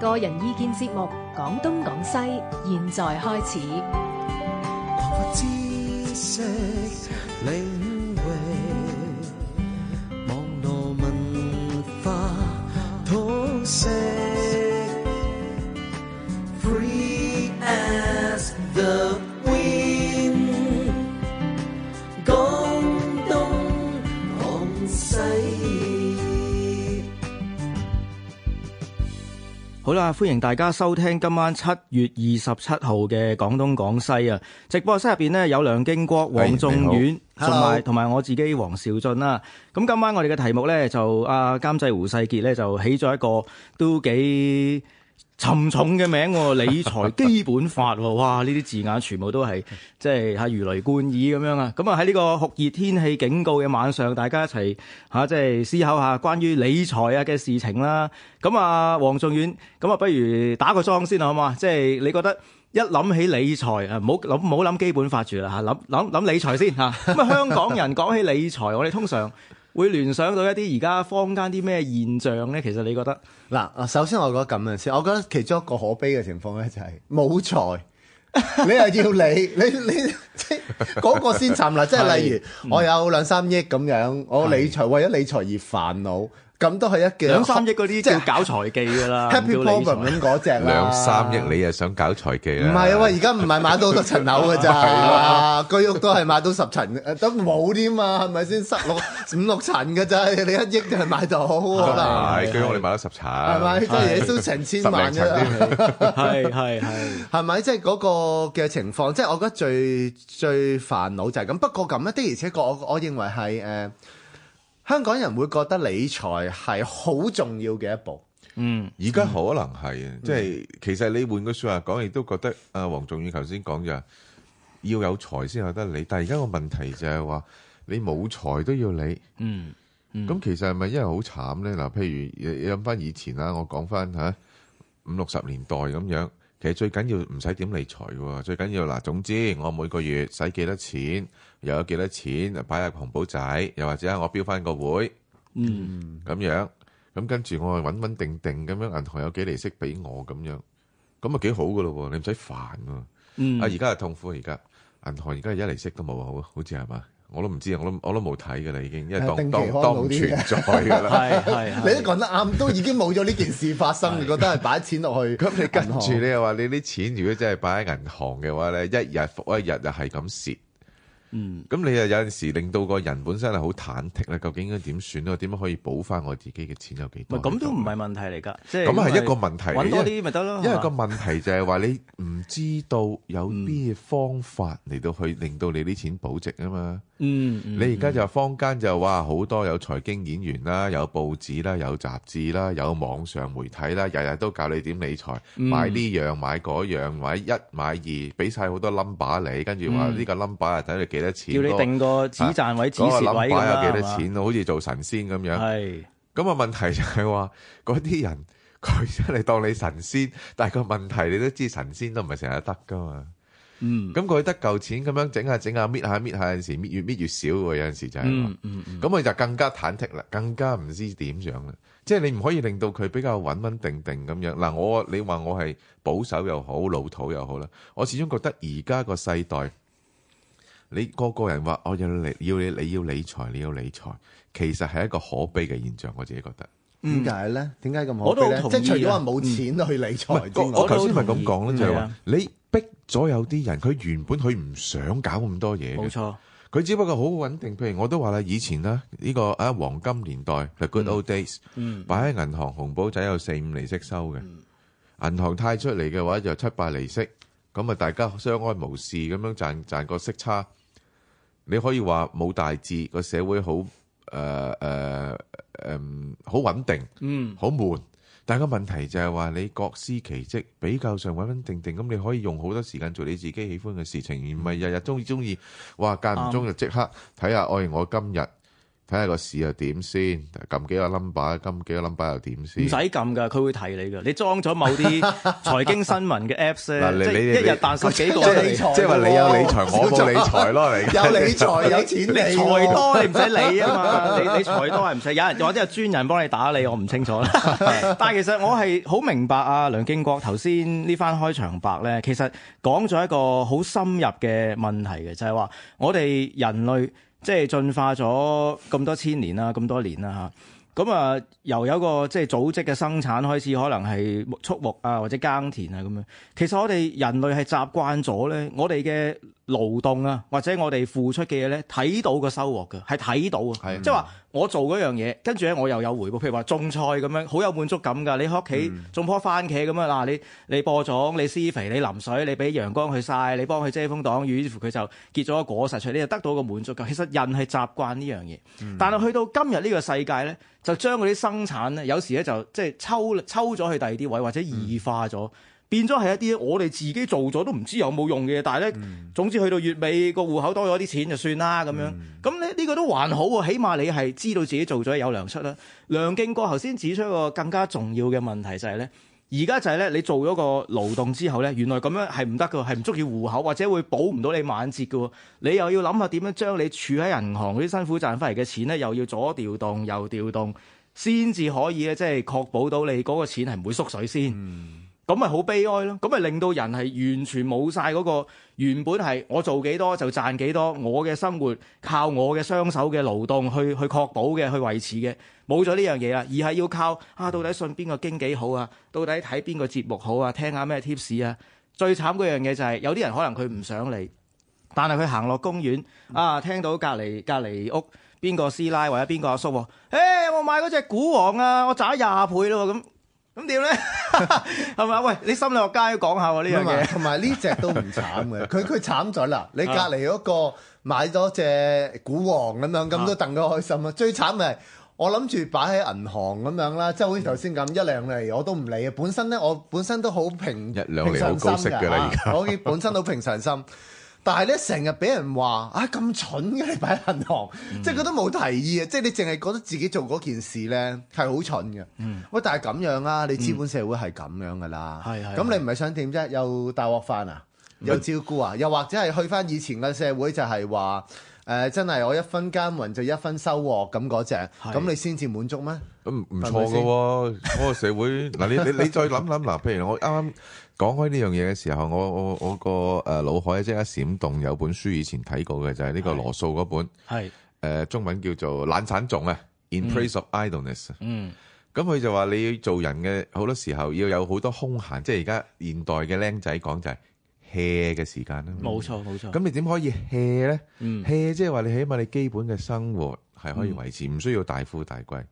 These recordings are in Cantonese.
個人意見節目，講東講西，現在開始。 好啦，歡迎大家收聽，今晚7月27沉重嘅名喎， 理財基本法喎，哇！呢啲字眼全部都係即係嚇如雷貫耳咁樣啊！咁啊喺呢個酷熱天氣警告嘅晚上，大家一齊嚇即係思考下關於理財啊嘅事情啦。咁啊，黃仲遠咁啊，不如打個裝先好嘛，即係你覺得一諗起理財啊，唔好諗唔好諗基本法住啦嚇，諗諗諗理財先嚇。咁啊， 香港人講起理財，我哋通常會聯想到一啲而家坊間啲咩現象咧？其實你覺得嗱，首先我覺得咁樣先，我覺得其中一個可悲嘅情況咧就係冇財，你又要理你 你，嗰 個先沉啦。即係例如我有兩三億咁樣，我理財為咗理財而煩惱。的咁都係一嘅，兩三億嗰啲即係搞財技噶啦。Happy problem 嗰隻啦，兩三億你又想搞財技咧？唔係啊，而家唔係買到好多層樓嘅啫，居屋都係買到十層嘅，得冇啲嘛，係咪先？十六、五六層嘅啫，你一億就係買到。係，居屋你買到十層。係咪？都嘢都成千萬嘅啦。係係係，係咪？即係嗰個嘅情況，即係我覺得最最煩惱就係咁。不過咁咧的，而且確我我認為係誒。香港人會覺得理財係好重要嘅一步。嗯，而家可能係啊，嗯、即係其實你換個説話講，亦都覺得啊，黃仲遠頭先講嘅，要有財先有得理，但係而家個問題就係話你冇財都要理。嗯，咁、嗯、其實係咪因為好慘咧？嗱，譬如你諗翻以前啊，我講翻吓五六十年代咁樣。其實最緊要唔使點理財嘅，最緊要嗱，總之我每個月使幾多錢，又有幾多錢擺入紅寶仔，又或者我標翻個會，嗯，咁樣，咁跟住我係穩穩定定咁樣，銀行有幾厘息俾我咁樣，咁啊幾好噶咯，你唔使煩，嗯，啊而家係痛苦，而家銀行而家一厘息都冇，好好似係嘛？我都唔知啊！我都我都冇睇嘅啦，已經因為當當當唔存在噶啦。係係， 是 你都講得啱，都已經冇咗呢件事發生，你是覺得係擺錢落去。咁你跟住你又話你啲錢如果真係擺喺銀行嘅話咧，一日復一日又係咁蝕。嗯，咁你又有陣時令到個人本身係好忐忑咧，究竟應該點算啊？點樣可以補翻我自己嘅錢有幾多？咁都唔係問題嚟噶，即係咁係一個問題。揾多啲咪得咯？因為，嗎因為個問題就係話你唔知道有啲方法嚟到去令到你啲錢保值啊嘛。嗯，嗯你而家就坊間就話好多有財經演員啦，有報紙啦，有雜誌啦、啦，有網上媒體啦，日日都教你點理財，嗯這個，買呢、那、樣、個、買嗰、那、樣、個，話一買二，俾晒好多 number 你，跟住話呢個 number 啊，睇你幾多錢，叫你定個止賺位、啊、止蝕位嘅嘛，啊那個、有幾多錢，吧好似做神仙咁樣。係是，咁啊問題就係話，嗰啲人佢真係當你神仙，但係個問題你都知，神仙都唔係成日得噶嘛。嗯，咁佢得嚿錢咁樣整下整下，搣下搣下，有陣時搣越搣越少喎，有陣時就係咯。咁咪、嗯嗯、就更加忐忑啦，更加唔知點樣啦。即係你唔可以令到佢比較穩穩定定咁樣。嗱，我你話我係保守又好，老土又好啦，我始終覺得而家個世代，你個個人話我要你要你你要理財，你要理財，其實係一個可悲嘅現象。我自己覺得，點解咧？點解咁？我都好同意，即係除咗話冇錢去理財、嗯，我我頭先咪咁講咧，就係話你。逼咗有啲人，佢原本佢唔想搞咁多嘢，冇錯，佢錯只不過好穩定。譬如我都話啦，以前啦呢、呢個啊黃金年代 the good old days，嗯，擺、嗯、喺銀行紅寶仔有四五釐息收嘅。嗯、銀行貸出嚟嘅話就七八釐息，咁啊大家相安無事咁樣賺賺，賺個息差。你可以話冇大志，個社會好誒誒誒，好、呃呃呃呃、穩定，嗯，好悶。但係問題就係話你各司其職，比較上穩穩定定，咁你可以用好多時間做你自己喜歡嘅事情，而唔係日日中意中意，哇間唔中就即刻睇下愛我今日。睇下個市又點先，撳幾個 number，撳幾個 number 又點先。唔使撳噶，佢會提你噶。你裝咗某啲財經新聞嘅 apps 咧，即係一日彈十幾個。即係即係話你有理財，我冇理財咯，嚟嘅。有理財有錢，理財多你唔使理啊嘛。你理財多係唔使，有人或者有專人幫你打理，我唔清楚啦。但係其實我係好明白啊，梁敬國頭先呢番開場白咧，其實講咗一個好深入嘅問題嘅，就係話我哋人類。即係進化咗咁多千年啦、啊，咁多年啦、啊、吓，咁啊，由有一個即係組織嘅生產開始，可能係畜牧啊，或者耕田啊咁樣。其實我哋人類係習慣咗咧，我哋嘅。勞動啊，或者我哋付出嘅嘢呢，睇到個收穫㗎，係睇到㗎。係即係話我做嗰樣嘢，跟住呢，我又有回報。譬如話種菜咁樣，好有滿足感㗎。你喺屋企種棵番茄咁樣，嗱，你你播種、你施肥、你淋水、你俾陽光去曬、你幫佢遮風擋雨，於是佢就結咗個果實出嚟，你就得到個滿足㗎。其實人係習慣呢樣嘢，嗯、但係去到今日呢個世界呢，就將嗰啲生產呢，有時呢，就即係抽抽咗去第二啲位，或者異化咗。嗯變咗係一啲我哋自己做咗都唔知有冇用嘅嘢。但係咧，嗯、總之去到月尾個戶口多咗啲錢就算啦咁樣。咁咧呢個都還好啊，起碼你係知道自己做咗有糧出啦。梁敬國頭先指出一個更加重要嘅問題就係、是、咧，而家就係咧你做咗個勞動之後咧，原來咁樣係唔得噶，係唔足以戶口或者會保唔到你晚節噶。你又要諗下點樣將你儲喺銀行嗰啲辛苦賺翻嚟嘅錢咧，又要左調動右調動，先至可以咧，即係確保到你嗰個錢係唔會縮水先。嗯咁咪好悲哀咯！咁咪令到人係完全冇晒嗰個原本係我做幾多就賺幾多，我嘅生活靠我嘅雙手嘅勞動去去確保嘅去維持嘅，冇咗呢樣嘢啦，而係要靠啊到底信邊個經紀好啊？到底睇邊個節目好啊？聽下咩 tips 啊！最慘嗰樣嘢就係有啲人可能佢唔想嚟，但係佢行落公園啊，聽到隔離隔離屋邊個師奶或者邊個阿叔，叔，誒、欸、我買嗰隻股王啊，我賺咗廿倍咯咁。咁點咧？係咪 喂，你心理學家要講下喎呢樣嘢。同埋呢隻都唔慘嘅，佢佢 慘咗啦。你隔離嗰個買咗隻股王咁樣，咁 都戥佢開心啊！最慘咪我諗住擺喺銀行咁樣啦，即係好似頭先咁一兩釐我都唔理啊。本身咧，我本身都好平，一兩釐好高息㗎啦，而家我本身都平常心。但係咧，成日俾人話啊咁蠢嘅，你擺銀行，即係佢都冇提議啊！即係你淨係覺得自己做嗰件事咧係好蠢嘅。嗯，喂，但係咁樣啦，你資本社會係咁樣噶啦。係係。咁你唔係想點啫？又大鑊飯啊，有照顧啊，又或者係去翻以前嘅社會，就係話誒，真係我一分耕耘就一分收穫咁嗰隻，咁你先至滿足咩？咁唔錯嘅喎，嗰個社會嗱，你你你再諗諗嗱，譬如我啱啱。講開呢樣嘢嘅時候，我我我個誒腦海即刻閃動，有本書以前睇過嘅就係、是、呢個羅素嗰本，係誒是、呃、中文叫做懶散種啊，In praise of idleness。嗯，咁佢、嗯、就話你要做人嘅好多時候要有好多空閒，即係而家現代嘅僆仔講就係 hea 嘅時間啦。冇錯冇錯。咁你點可以 hea 咧？hea 即係話你起碼你基本嘅生活係可以維持，唔、嗯、需要大富大貴。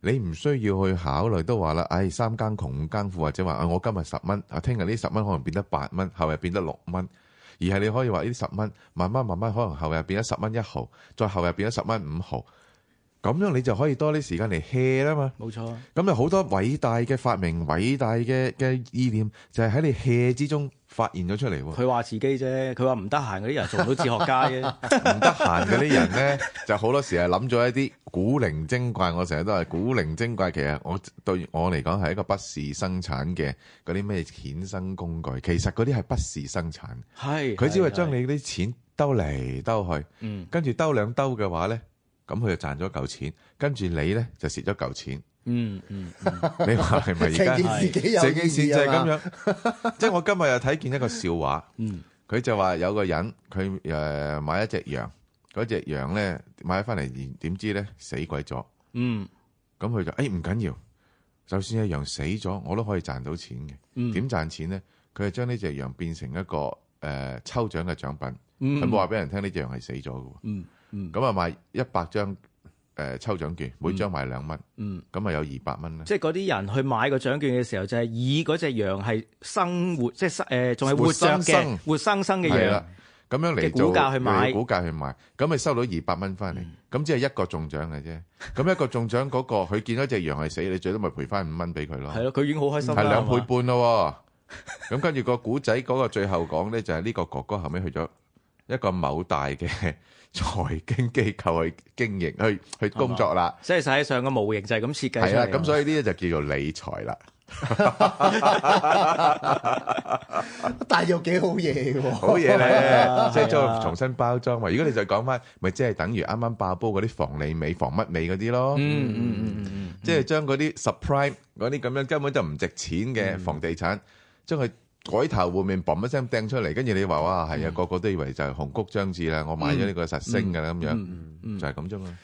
你唔需要去考慮都話啦，唉、哎、三更窮五更富，或者話啊我今日十蚊，啊聽日呢十蚊可能變得八蚊，後日變得六蚊，而係你可以話呢十蚊慢慢慢慢可能後日變咗十蚊一毫，再後日變咗十蚊五毫。咁樣你就可以多啲時間嚟 hea 啦嘛，冇錯，啊。咁又好多偉大嘅發明、偉大嘅嘅意念，就係喺你 hea 之中發現咗出嚟。佢話自己啫，佢話唔得閒嗰啲人做唔到哲學家嘅。唔得閒嗰啲人咧，就好多時係諗咗一啲古靈精怪。我成日都係古靈精怪，其實我對我嚟講係一個不事生產嘅嗰啲咩衍生工具。其實嗰啲係不事生產。係。佢只係將你啲錢兜嚟兜去，嗯，跟住兜兩兜嘅話咧。咁佢就賺咗嚿錢，跟住你咧就蝕咗嚿錢。嗯嗯，嗯嗯你話係咪而家？ 自成件事就係咁樣。即係 我今日又睇見一個笑話。嗯，佢就話有個人，佢誒買一隻羊，嗰隻羊咧買返嚟，點知咧死鬼咗。嗯，咁佢就誒唔緊要，就算隻羊死咗，我都可以賺到錢嘅。點、嗯、賺錢咧？佢係將呢隻羊變成一個誒、呃、抽獎嘅獎品。嗯，佢冇話俾人聽呢隻羊係死咗嘅。嗯。咁啊賣一百張誒抽獎券，每張賣兩蚊，咁啊有二百蚊咧。即係嗰啲人去買個獎券嘅時候，就係以嗰隻羊係生活，即係誒仲係活着嘅活生生嘅嘢。係啦，咁樣嚟做嚟估價去買，咁咪收到二百蚊翻嚟。咁只係一個中獎嘅啫。咁一個中獎嗰個，佢見到隻羊係死，你最多咪賠翻五蚊俾佢咯。係咯，佢已經好開心。係兩倍半咯喎。咁跟住個古仔嗰個最後講咧，就係呢個哥哥後尾去咗。一個某大嘅財經機構去經營、去去工作啦，即係實際上個模型就係咁設計，係啊，咁所以呢啲就叫做理財啦。但係又幾好嘢嘅，好嘢咧，即係再重新包裝。如果你就講翻，咪即係等於啱啱爆煲嗰啲房利美、房乜美嗰啲咯。嗯嗯嗯嗯，即係將嗰啲 subprime 嗰啲咁樣根本就唔值錢嘅房地產，將佢。改頭換面聲，嘣一聲掟出嚟，跟住你話哇，係啊，個個都以為就係紅谷將至啦，我買咗呢個實升㗎啦，咁、嗯、樣、嗯嗯、就係咁啫嘛。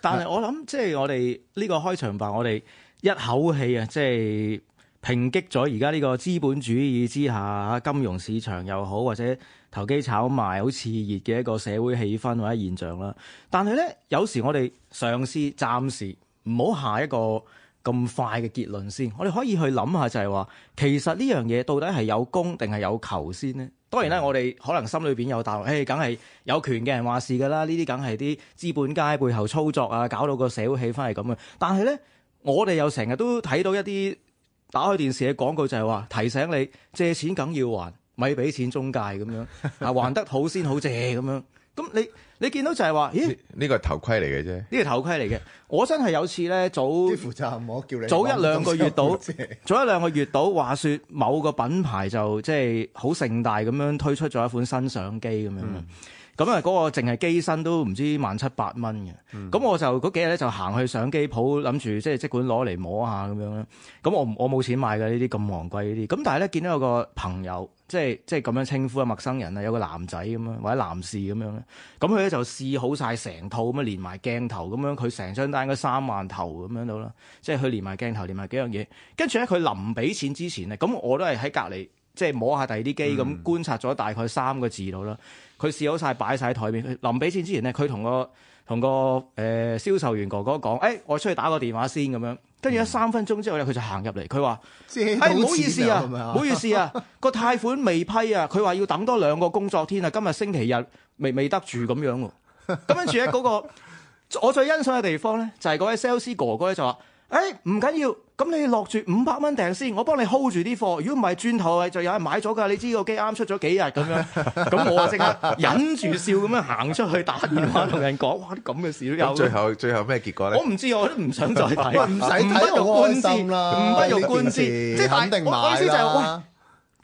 但係我諗，即係我哋呢個開場白，我哋一口氣啊，即係抨擊咗而家呢個資本主義之下金融市場又好，或者投機炒賣好熾熱嘅一個社會氣氛或者現象啦。但係咧，有時我哋嘗試暫時唔好下一個。咁快嘅結論先，我哋可以去諗下，就係話其實呢樣嘢到底係有供定係有求先呢？當然啦，我哋可能心裏邊有答案，誒，梗係有權嘅人話事㗎啦。呢啲梗係啲資本家喺背後操作啊，搞到個社會氣氛係咁嘅。但係呢，我哋又成日都睇到一啲打開電視嘅廣告就，就係話提醒你借錢梗要還咪俾錢中介咁樣啊，還得好先好借咁樣。咁你你見到就係話，咦？呢個頭盔嚟嘅啫。呢個頭盔嚟嘅， 我真係有次咧，早負責我叫你早一兩個月到， 早一兩個月到，話說某個品牌就即係好盛大咁樣推出咗一款新相機咁樣。嗯。咁啊，嗰個淨係機身都唔知萬七八蚊嘅，咁、嗯、我就嗰幾日咧就行去相機鋪，諗住即係即管攞嚟摸下咁樣啦。咁我我冇錢買嘅呢啲咁昂貴呢啲。咁但係咧見到有個朋友，即係即係咁樣稱呼啊，陌生人啊，有個男仔咁樣，或者男士咁樣咧。咁佢咧就試好晒成套咁啊，連埋鏡頭咁樣，佢成張單嗰三萬頭咁樣到啦。即係佢連埋鏡頭，連埋幾樣嘢。跟住咧，佢臨俾錢之前咧，咁我都係喺隔離。即係摸下第二啲機咁，觀察咗大概三個字度啦。佢試好晒，擺晒喺台面。臨畀錢之前咧，佢同個同個誒、呃、銷售員哥哥講：，誒、欸，我出去打個電話先咁樣。跟住咧三分鐘之後咧，佢就行入嚟。佢話：，唔、哎、好意思啊，唔、啊、好意思啊，個貸 款未批啊。佢話要等多兩個工作天啊，今日星期日，未未得住咁樣、啊。咁樣住喺嗰個，我最欣賞嘅地方咧，就係、是、嗰位 sales 哥哥就話。誒，唔緊要，咁你落住五百蚊訂先，我幫你 hold 住啲貨。如果唔係，轉頭就有人買咗㗎。你知個機啱出咗幾日咁樣，咁我即刻忍住笑咁樣行出去打電話同人講。哇！啲咁嘅事都有。最後最後咩結果咧？我唔知，我都唔想再睇，唔使唔用官司啦，唔用，用官司。即係肯定買啦。意思就係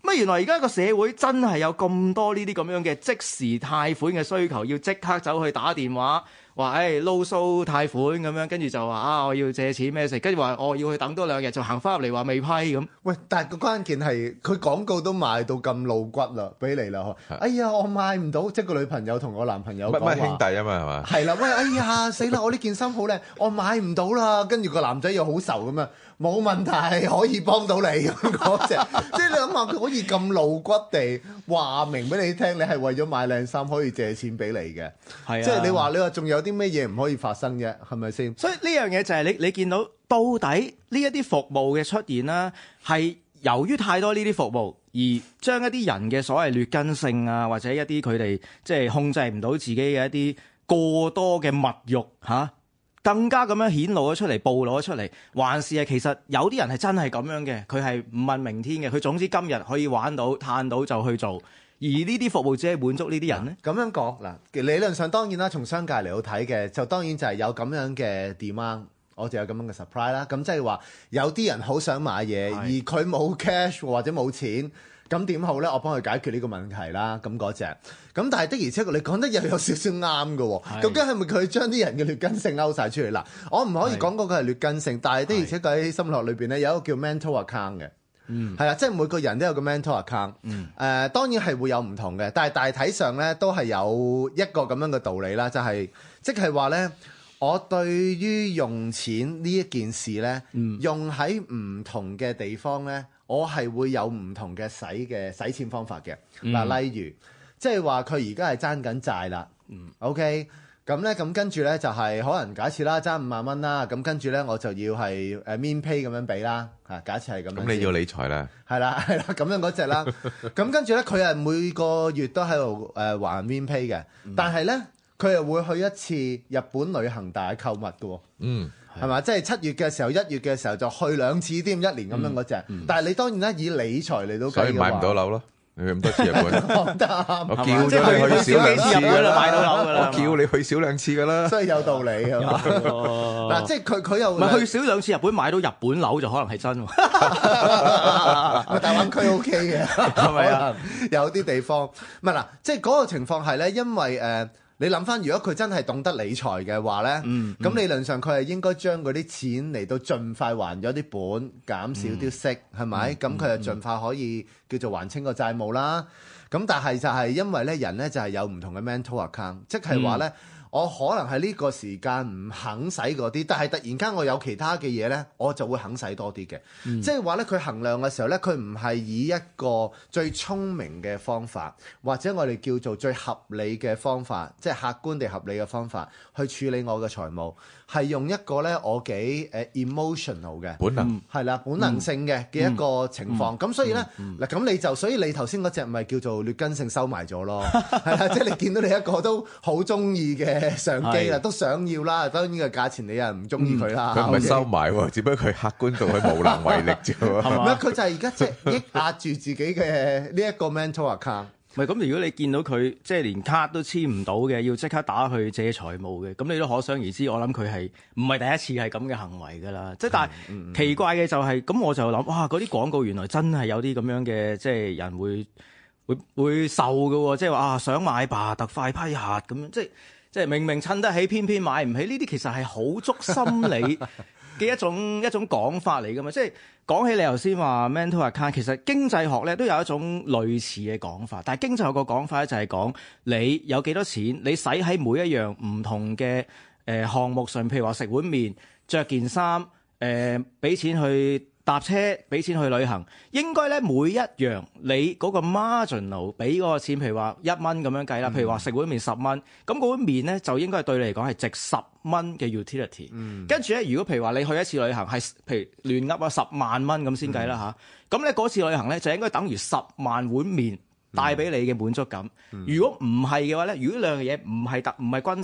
喂，乜原來而家個社會真係有咁多呢啲咁樣嘅即時貸款嘅需求，要即刻走去打電話。話誒撈數貸款咁樣，跟住就話啊，我要借錢咩食，跟住話我要去等多兩日，就行翻入嚟話未批咁。喂，但係個關鍵係佢廣告都賣到咁露骨啦，俾你啦。哎呀，我買唔到，即係個女朋友同我男朋友，乜乜兄弟啊嘛係嘛？係啦，喂，哎呀死啦，我呢件衫好靚，我買唔到啦。跟住個男仔又好愁咁樣，冇問題，可以幫到你嗰隻。即係你諗下，佢可以咁露骨地話明俾你聽，你係為咗買靚衫可以借錢俾你嘅。係啊，即係你話你話仲有。啲乜嘢唔可以發生嘅，係咪先？所以呢樣嘢就係你你見到，到底呢一啲服務嘅出現啦，係由於太多呢啲服務而將一啲人嘅所謂劣根性啊，或者一啲佢哋即係控制唔到自己嘅一啲過多嘅物慾嚇、啊，更加咁樣顯露咗出嚟、暴露咗出嚟，還是係其實有啲人係真係咁樣嘅，佢係唔問明天嘅，佢總之今日可以玩到、歎到就去做。而呢啲服務只係滿足呢啲人呢？咁樣講嗱，理論上當然啦，從商界嚟到睇嘅，就當然就係有咁樣嘅 demand，我就有咁樣嘅 surprise 啦。咁即係話有啲人好想買嘢，而佢冇 cash 或者冇錢，咁點好呢？我幫佢解決呢個問題啦。咁嗰隻，咁但係的而且確，你講得又有少少啱㗎。係究竟係咪佢將啲人嘅劣根性勾晒出嚟嗱？係我唔可以講嗰個係劣根性，但係的而且佢喺心理學裏邊呢，有一個叫 mental account 嘅。嗯，係啦，即係每個人都有個 mental account。嗯，誒、呃、當然係會有唔同嘅，但係大體上咧都係有一個咁樣嘅道理啦，就係、是、即係話咧，我對於用錢呢一件事咧，嗯、用喺唔同嘅地方咧，我係會有唔同嘅使嘅使錢方法嘅。嗱、嗯，例如即係話佢而家係爭緊債啦。嗯，OK。咁咧，咁跟住咧就係可能假設啦，爭五萬蚊啦，咁跟住咧我就要係誒免 pay 咁樣俾啦，嚇假設係咁樣。咁你要理財啦。係啦，係啦，咁樣嗰隻啦。咁跟住咧，佢係每個月都喺度誒還免 pay 嘅，嗯、但係咧佢係會去一次日本旅行大購，大購物嘅喎。嗯。係嘛？即係七月嘅時候，一月嘅時候就去兩次啲咁一年咁樣嗰隻。嗯嗯、但係你當然啦，以理財嚟都計嘅話，所以買唔到樓咯。你咁多次日本，我叫你去少幾次買到樓噶啦，我叫你去少兩次噶啦， 所以有道理啊。嗱、 哦， 即係佢佢又去少兩次日本買到日本樓就可能係真。大灣區 OK 嘅，係咪啊？ 有啲地方唔係嗱，即係嗰個情況係咧，因為誒。呃你諗翻，如果佢真係懂得理財嘅話呢，咁、嗯嗯、理論上佢係應該將嗰啲錢嚟到盡快還咗啲本，減少啲息，係咪？咁佢就盡快可以叫做還清個債務啦。咁但係就係因為呢人呢，就係、是、有唔同嘅 mental account，即係話呢。嗯我可能係呢個時間唔肯使嗰啲，但係突然間我有其他嘅嘢呢，我就會肯使多啲嘅。即係話呢，佢衡量嘅時候呢，佢唔係以一個最聰明嘅方法，或者我哋叫做最合理嘅方法，即係客觀地合理嘅方法去處理我嘅財務，係用一個呢，我幾誒 emotional 嘅本能，係啦本能性嘅嘅一個情況。咁、嗯嗯嗯嗯、所以呢，嗱、嗯，咁、嗯嗯、你就所以你頭先嗰隻咪叫做劣根性收埋咗咯，係啦， 即係你見到你一個都好中意嘅。相機啦，是都想要啦，當然呢個價錢你又唔中意佢啦。佢唔係收埋喎，不 Okay. 只不過佢客觀上佢無能為力啫。 係咪？佢就係而家即係抑壓住自己嘅呢一個 mental account。唔係咁，如果你見到佢即係連卡都簽唔到嘅，要即刻打去借財務嘅，咁你都可想而知。我諗佢係唔係第一次係咁嘅行為㗎啦。即係、嗯、但係奇怪嘅就係、是、咁，我就諗哇，嗰啲廣告原來真係有啲咁樣嘅，即係人會會會,會受嘅，即係話啊想買吧，特快批核咁樣，即係。即係明明襯得起，偏偏買唔起，呢啲其實係好捉心理嘅一種 一種講法嚟㗎嘛。即係講起你頭先話 mental account，其實經濟學咧都有一種類似嘅講法。但係經濟學個講法咧就係講你有幾多錢，你使喺每一樣唔同嘅誒項目上，譬如話食碗麵、着件衫、誒、呃、俾錢去，搭車俾錢去旅行，應該咧每一樣你嗰個 marginal 俾嗰個錢，譬如話一蚊咁樣計啦。嗯、譬如話食碗麵十蚊，咁嗰碗麵咧就應該係對你嚟講係值十蚊嘅 utility、嗯。跟住咧，如果譬如話你去一次旅行係譬如亂噏啊十萬蚊咁先計啦吓，咁咧嗰次旅行咧就應該等於十萬碗麵帶俾你嘅滿足感。嗯嗯、如果唔係嘅話咧，如果兩樣嘢唔係搭唔係均。